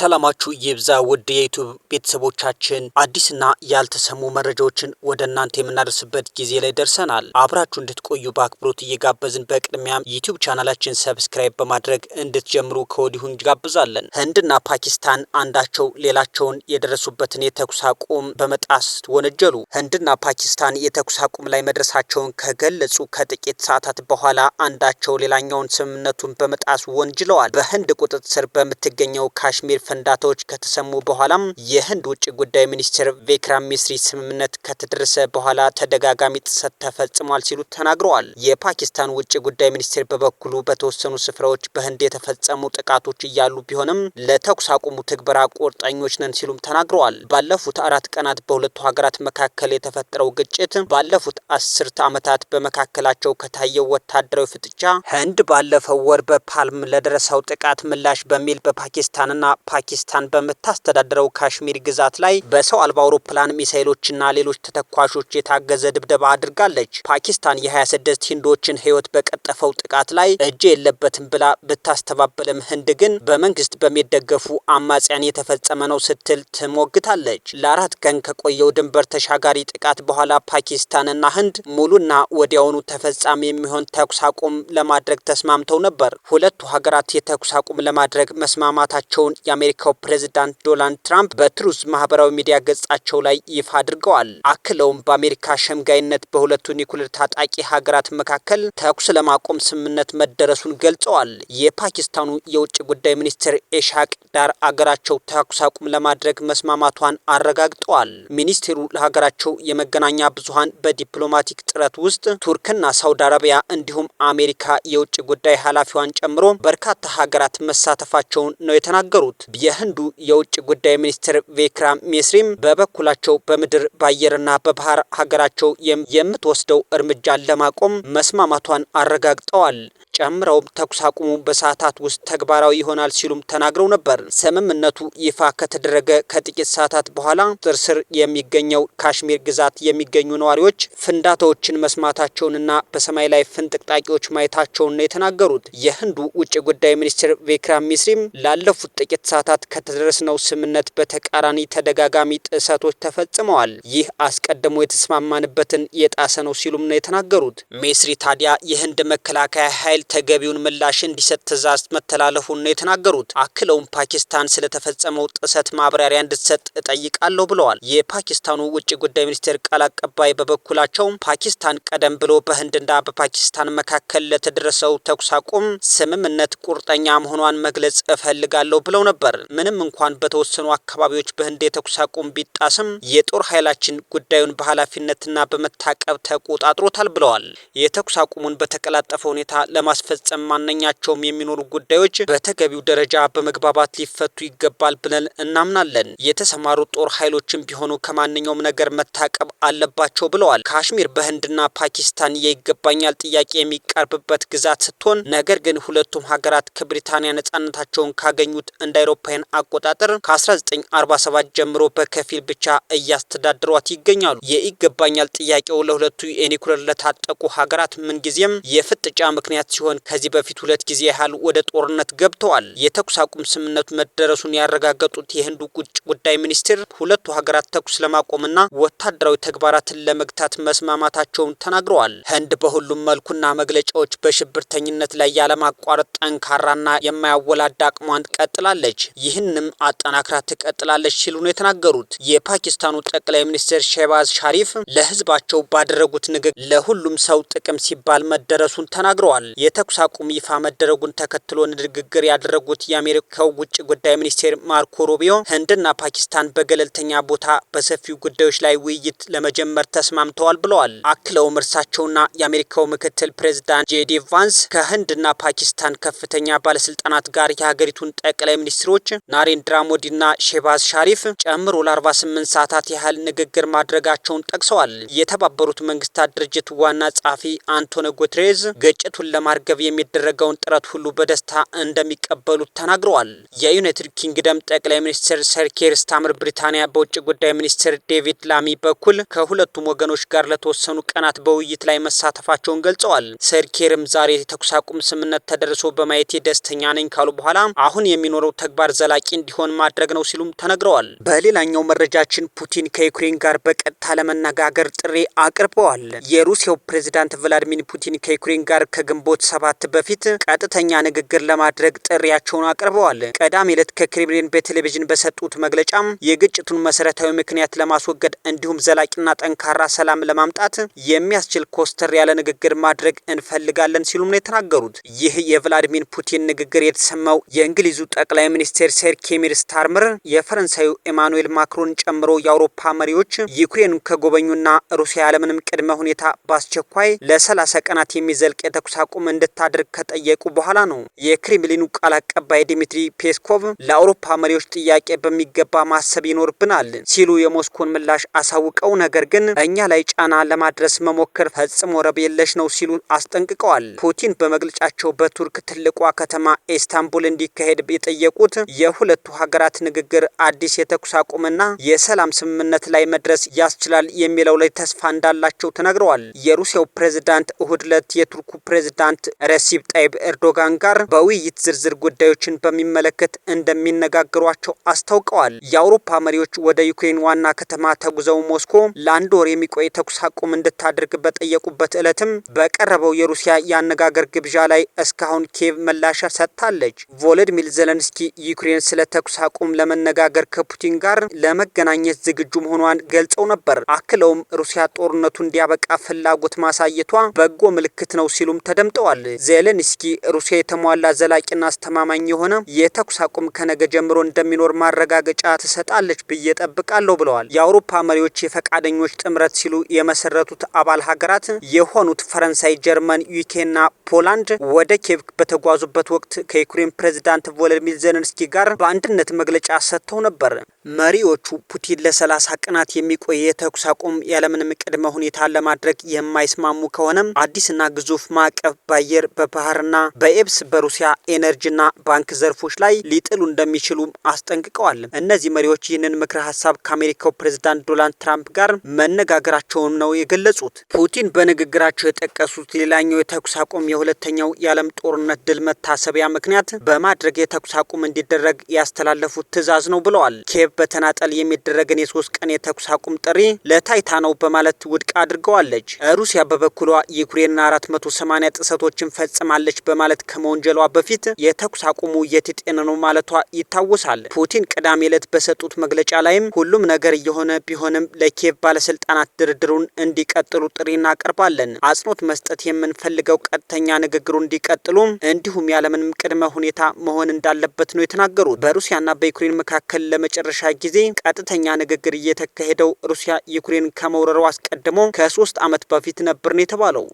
ሰላማችሁ ይብዛ ውድ የዩቱብ ቤተሰቦቻችን፣ አዲስና ያልተሰሙ መረጃዎችን ወደ እናንተ የምናደርስበት ጊዜ ላይ ደርሰናል። አብራችሁ እንድትቆዩ በአክብሮት እየጋበዝን በቅድሚያም ዩቱብ ቻናላችን ሰብስክራይብ በማድረግ እንድትጀምሩ ከወዲሁ እንጋብዛለን። ህንድና ፓኪስታን አንዳቸው ሌላቸውን የደረሱበትን የተኩስ አቁም በመጣስ ወነጀሉ። ህንድና ፓኪስታን የተኩስ አቁም ላይ መድረሳቸውን ከገለጹ ከጥቂት ሰዓታት በኋላ አንዳቸው ሌላኛውን ስምምነቱን በመጣስ ወንጅለዋል። በህንድ ቁጥጥር ስር በምትገኘው ካሽሚር ፈንዳታዎች ከተሰሙ በኋላም የህንድ ውጭ ጉዳይ ሚኒስትር ቪክራም ሚስሪ ስምምነት ከተደረሰ በኋላ ተደጋጋሚ ጥሰት ተፈጽሟል ሲሉ ተናግረዋል። የፓኪስታን ውጭ ጉዳይ ሚኒስቴር በበኩሉ በተወሰኑ ስፍራዎች በህንድ የተፈጸሙ ጥቃቶች እያሉ ቢሆንም ለተኩስ አቁሙ ትግበራ ቁርጠኞች ነን ሲሉም ተናግረዋል። ባለፉት አራት ቀናት በሁለቱ ሀገራት መካከል የተፈጠረው ግጭት ባለፉት አስርተ ዓመታት በመካከላቸው ከታየው ወታደራዊ ፍጥጫ ህንድ ባለፈው ወር በፓልም ለደረሰው ጥቃት ምላሽ በሚል በፓኪስታንና ፓኪስታን በምታስተዳድረው ካሽሚር ግዛት ላይ በሰው አልባ አውሮፕላን ሚሳይሎችና ሌሎች ተተኳሾች የታገዘ ድብደባ አድርጋለች። ፓኪስታን የ26 ሂንዶችን ሕይወት በቀጠፈው ጥቃት ላይ እጅ የለበትም ብላ ብታስተባበልም ህንድ ግን በመንግስት በሚደገፉ አማጽያን የተፈጸመ ነው ስትል ትሞግታለች። ለአራት ቀን ከቆየው ድንበር ተሻጋሪ ጥቃት በኋላ ፓኪስታንና ህንድ ሙሉና ወዲያውኑ ተፈጻሚ የሚሆን ተኩስ አቁም ለማድረግ ተስማምተው ነበር። ሁለቱ ሀገራት የተኩስ አቁም ለማድረግ መስማማታቸውን የአሜሪ የአሜሪካው ፕሬዝዳንት ዶናልድ ትራምፕ በትሩስ ማህበራዊ ሚዲያ ገጻቸው ላይ ይፋ አድርገዋል። አክለውም በአሜሪካ ሸምጋይነት በሁለቱ ኒኩሌር ታጣቂ ሀገራት መካከል ተኩስ ለማቆም ስምምነት መደረሱን ገልጸዋል። የፓኪስታኑ የውጭ ጉዳይ ሚኒስትር ኤሻቅ ዳር አገራቸው ተኩስ አቁም ለማድረግ መስማማቷን አረጋግጠዋል። ሚኒስትሩ ለሀገራቸው የመገናኛ ብዙኃን በዲፕሎማቲክ ጥረት ውስጥ ቱርክና ሳውዲ አረቢያ እንዲሁም አሜሪካ የውጭ ጉዳይ ኃላፊዋን ጨምሮ በርካታ ሀገራት መሳተፋቸውን ነው የተናገሩት። የህንዱ የውጭ ጉዳይ ሚኒስትር ቪክራም ሚስሪም በበኩላቸው በምድር በአየርና በባህር ሀገራቸው የምትወስደው እርምጃን ለማቆም መስማማቷን አረጋግጠዋል። ጨምረውም ተኩስ አቁሙ በሰዓታት ውስጥ ተግባራዊ ይሆናል ሲሉም ተናግረው ነበር። ስምምነቱ ይፋ ከተደረገ ከጥቂት ሰዓታት በኋላ ቁጥጥር ስር የሚገኘው ካሽሚር ግዛት የሚገኙ ነዋሪዎች ፍንዳታዎችን መስማታቸውንና በሰማይ ላይ ፍንጥቅጣቂዎች ማየታቸውን ነው የተናገሩት። የህንዱ ውጭ ጉዳይ ሚኒስትር ቪክራም ሚስሪም ላለፉት ጥቂት ሰዓታት ከተደረስነው ስምምነት በተቃራኒ ተደጋጋሚ ጥሰቶች ተፈጽመዋል፣ ይህ አስቀድሞ የተስማማንበትን የጣሰ ነው ሲሉም ነው የተናገሩት። ሚስሪ ታዲያ የህንድ መከላከያ ኃይል ተገቢውን ምላሽ እንዲሰጥ ትዕዛዝ መተላለፉን ነው የተናገሩት። አክለውም ፓኪስታን ስለተፈጸመው ጥሰት ማብራሪያ እንድትሰጥ እጠይቃለሁ ብለዋል። የፓኪስታኑ ውጭ ጉዳይ ሚኒስቴር ቃል አቀባይ በበኩላቸውም ፓኪስታን ቀደም ብሎ በህንድና በፓኪስታን መካከል ለተደረሰው ተኩስ አቁም ስምምነት ቁርጠኛ መሆኗን መግለጽ እፈልጋለሁ ብለው ነበር። ምንም እንኳን በተወሰኑ አካባቢዎች በህንድ የተኩስ አቁም ቢጣስም የጦር ኃይላችን ጉዳዩን በኃላፊነትና በመታቀብ ተቆጣጥሮታል ብለዋል። የተኩስ አቁሙን በተቀላጠፈ ሁኔታ ለማ ለማስፈጸም ማንኛቸውም የሚኖሩ ጉዳዮች በተገቢው ደረጃ በመግባባት ሊፈቱ ይገባል ብለን እናምናለን። የተሰማሩ ጦር ኃይሎችም ቢሆኑ ከማንኛውም ነገር መታቀብ አለባቸው ብለዋል። ካሽሚር በህንድና ፓኪስታን የይገባኛል ጥያቄ የሚቀርብበት ግዛት ስትሆን ነገር ግን ሁለቱም ሀገራት ከብሪታንያ ነጻነታቸውን ካገኙት እንደ አውሮፓውያን አቆጣጠር ከ1947 ጀምሮ በከፊል ብቻ እያስተዳድሯት ይገኛሉ። የይገባኛል ጥያቄው ለሁለቱ የኒኩለር ለታጠቁ ሀገራት ምንጊዜም የፍጥጫ ምክንያት ሲሆን ከዚህ በፊት ሁለት ጊዜ ያህል ወደ ጦርነት ገብተዋል። የተኩስ አቁም ስምምነቱ መደረሱን ያረጋገጡት የህንዱ ውጭ ጉዳይ ሚኒስትር ሁለቱ ሀገራት ተኩስ ለማቆምና ወታደራዊ ተግባራትን ለመግታት መስማማታቸውን ተናግረዋል። ህንድ በሁሉም መልኩና መግለጫዎች በሽብርተኝነት ላይ ያለማቋረጥ ጠንካራና የማያወላድ አቅሟን ቀጥላለች፣ ይህንም አጠናክራ ትቀጥላለች ሲሉ ነው የተናገሩት። የፓኪስታኑ ጠቅላይ ሚኒስትር ሼባዝ ሻሪፍ ለህዝባቸው ባደረጉት ንግግር ለሁሉም ሰው ጥቅም ሲባል መደረሱን ተናግረዋል። የተኩስ አቁም ይፋ መደረጉን ተከትሎ ንግግር ያደረጉት የአሜሪካው ውጭ ጉዳይ ሚኒስቴር ማርኮ ሩቢዮ ህንድና ፓኪስታን በገለልተኛ ቦታ በሰፊው ጉዳዮች ላይ ውይይት ለመጀመር ተስማምተዋል ብለዋል። አክለውም እርሳቸውና የአሜሪካው ምክትል ፕሬዚዳንት ጄዲ ቫንስ ከህንድና ፓኪስታን ከፍተኛ ባለስልጣናት ጋር የሀገሪቱን ጠቅላይ ሚኒስትሮች ናሬንድራ ሞዲና ሼባዝ ሻሪፍ ጨምሮ ለ48 ሰዓታት ያህል ንግግር ማድረጋቸውን ጠቅሰዋል። የተባበሩት መንግስታት ድርጅት ዋና ጸሐፊ አንቶኒ ጉትሬዝ ግጭቱን ለማር ለማርገብ የሚደረገውን ጥረት ሁሉ በደስታ እንደሚቀበሉት ተናግረዋል። የዩናይትድ ኪንግደም ጠቅላይ ሚኒስትር ሰር ኬር ስታርመር ብሪታንያ በውጭ ጉዳይ ሚኒስትር ዴቪድ ላሚ በኩል ከሁለቱም ወገኖች ጋር ለተወሰኑ ቀናት በውይይት ላይ መሳተፋቸውን ገልጸዋል። ሰር ኬርም ዛሬ የተኩስ አቁም ስምምነት ተደርሶ በማየቴ ደስተኛ ነኝ ካሉ በኋላ አሁን የሚኖረው ተግባር ዘላቂ እንዲሆን ማድረግ ነው ሲሉም ተነግረዋል። በሌላኛው መረጃችን ፑቲን ከዩክሬን ጋር በቀጥታ ለመነጋገር ጥሪ አቅርበዋል። የሩሲያው ፕሬዚዳንት ቭላዲሚር ፑቲን ከዩክሬን ጋር ከግንቦት ሰባት በፊት ቀጥተኛ ንግግር ለማድረግ ጥሪያቸውን አቅርበዋል። ቀዳሚ ዕለት ከክሬምሊን በቴሌቪዥን በሰጡት መግለጫም የግጭቱን መሰረታዊ ምክንያት ለማስወገድ እንዲሁም ዘላቂና ጠንካራ ሰላም ለማምጣት የሚያስችል ኮስተር ያለ ንግግር ማድረግ እንፈልጋለን ሲሉም ነው የተናገሩት። ይህ የቭላዲሚር ፑቲን ንግግር የተሰማው የእንግሊዙ ጠቅላይ ሚኒስቴር ሴር ኬሚር የፈረንሳዩ ኤማኑኤል ማክሮን ጨምሮ የአውሮፓ መሪዎች ዩክሬን ከጎበኙና ሩሲያ ያለምንም ቅድመ ሁኔታ በአስቸኳይ ለሰላሳ ቀናት የሚዘልቅ የተኩስ አቁም እንድታደርግ ከጠየቁ በኋላ ነው። የክሬምሊኑ ቃል አቀባይ ዲሚትሪ ፔስኮቭ ለአውሮፓ መሪዎች ጥያቄ በሚገባ ማሰብ ይኖርብናል ሲሉ የሞስኮን ምላሽ አሳውቀው፣ ነገር ግን እኛ ላይ ጫና ለማድረስ መሞከር ፈጽሞ ረብ የለሽ ነው ሲሉ አስጠንቅቀዋል። ፑቲን በመግለጫቸው በቱርክ ትልቋ ከተማ ኢስታንቡል እንዲካሄድ የጠየቁት የሁለቱ ሀገራት ንግግር አዲስ የተኩስ አቁምና የሰላም ስምምነት ላይ መድረስ ያስችላል የሚለው ላይ ተስፋ እንዳላቸው ተናግረዋል። የሩሲያው ፕሬዝዳንት እሁድ ዕለት የቱርኩ ፕሬዝዳንት ረሲብ ጣይብ ኤርዶጋን ጋር በውይይት ዝርዝር ጉዳዮችን በሚመለከት እንደሚነጋግሯቸው አስታውቀዋል። የአውሮፓ መሪዎች ወደ ዩክሬን ዋና ከተማ ተጉዘው ሞስኮ ለአንድ ወር የሚቆይ ተኩስ አቁም እንድታደርግ በጠየቁበት ዕለትም በቀረበው የሩሲያ የአነጋገር ግብዣ ላይ እስካሁን ኪየቭ ምላሽ ሰጥታለች። ቮሎዲሚር ዘለንስኪ ዩክሬን ስለ ተኩስ አቁም ለመነጋገር ከፑቲን ጋር ለመገናኘት ዝግጁ መሆኗን ገልጸው ነበር። አክለውም ሩሲያ ጦርነቱ እንዲያበቃ ፍላጎት ማሳየቷ በጎ ምልክት ነው ሲሉም ተደምጠዋል። ገልጿል። ዜሌንስኪ ሩሲያ የተሟላ ዘላቂና አስተማማኝ የሆነ የተኩስ አቁም ከነገ ጀምሮ እንደሚኖር ማረጋገጫ ትሰጣለች ብዬ ጠብቃለሁ ብለዋል። የአውሮፓ መሪዎች የፈቃደኞች ጥምረት ሲሉ የመሰረቱት አባል ሀገራት የሆኑት ፈረንሳይ፣ ጀርመን፣ ዩኬና ፖላንድ ወደ ኬቭ በተጓዙበት ወቅት ከዩክሬን ፕሬዚዳንት ቮሎዲሚር ዜሌንስኪ ጋር በአንድነት መግለጫ ሰጥተው ነበር። መሪዎቹ ፑቲን ለሰላሳ ቀናት የሚቆይ የተኩስ አቁም ያለምንም ቅድመ ሁኔታ ለማድረግ የማይስማሙ ከሆነም አዲስና ግዙፍ ማዕቀብ በአየር በባህርና በኤብስ በሩሲያ ኤነርጂና ባንክ ዘርፎች ላይ ሊጥሉ እንደሚችሉ አስጠንቅቀዋል። እነዚህ መሪዎች ይህንን ምክረ ሀሳብ ከአሜሪካው ፕሬዝዳንት ዶናልድ ትራምፕ ጋር መነጋገራቸውን ነው የገለጹት። ፑቲን በንግግራቸው የጠቀሱት ሌላኛው የተኩስ አቁም የሁለተኛው የዓለም ጦርነት ድል መታሰቢያ ምክንያት በማድረግ የተኩስ አቁም እንዲደረግ ያስተላለፉት ትዕዛዝ ነው ብለዋል። በተናጠል የሚደረግን የሶስት ቀን የተኩስ አቁም ጥሪ ለታይታ ነው በማለት ውድቅ አድርገዋለች። ሩሲያ በበኩሏ ዩክሬንና 480 ጥሰቶችን ፈጽማለች በማለት ከመወንጀሏ በፊት የተኩስ አቁሙ የትጤን ነው ማለቷ ይታወሳል። ፑቲን ቅዳሜ ዕለት በሰጡት መግለጫ ላይም ሁሉም ነገር እየሆነ ቢሆንም ለኪየቭ ባለስልጣናት ድርድሩን እንዲቀጥሉ ጥሪ እናቀርባለን። አጽንኦት መስጠት የምንፈልገው ቀጥተኛ ንግግሩ እንዲቀጥሉ እንዲሁም ያለምንም ቅድመ ሁኔታ መሆን እንዳለበት ነው የተናገሩት። በሩሲያና በዩክሬን መካከል ለመጨረሻ ለመጨረሻ ጊዜ ቀጥተኛ ንግግር እየተካሄደው ሩሲያ ዩክሬን ከመውረሯ አስቀድሞ ከሶስት ዓመት በፊት ነበር ነው የተባለው።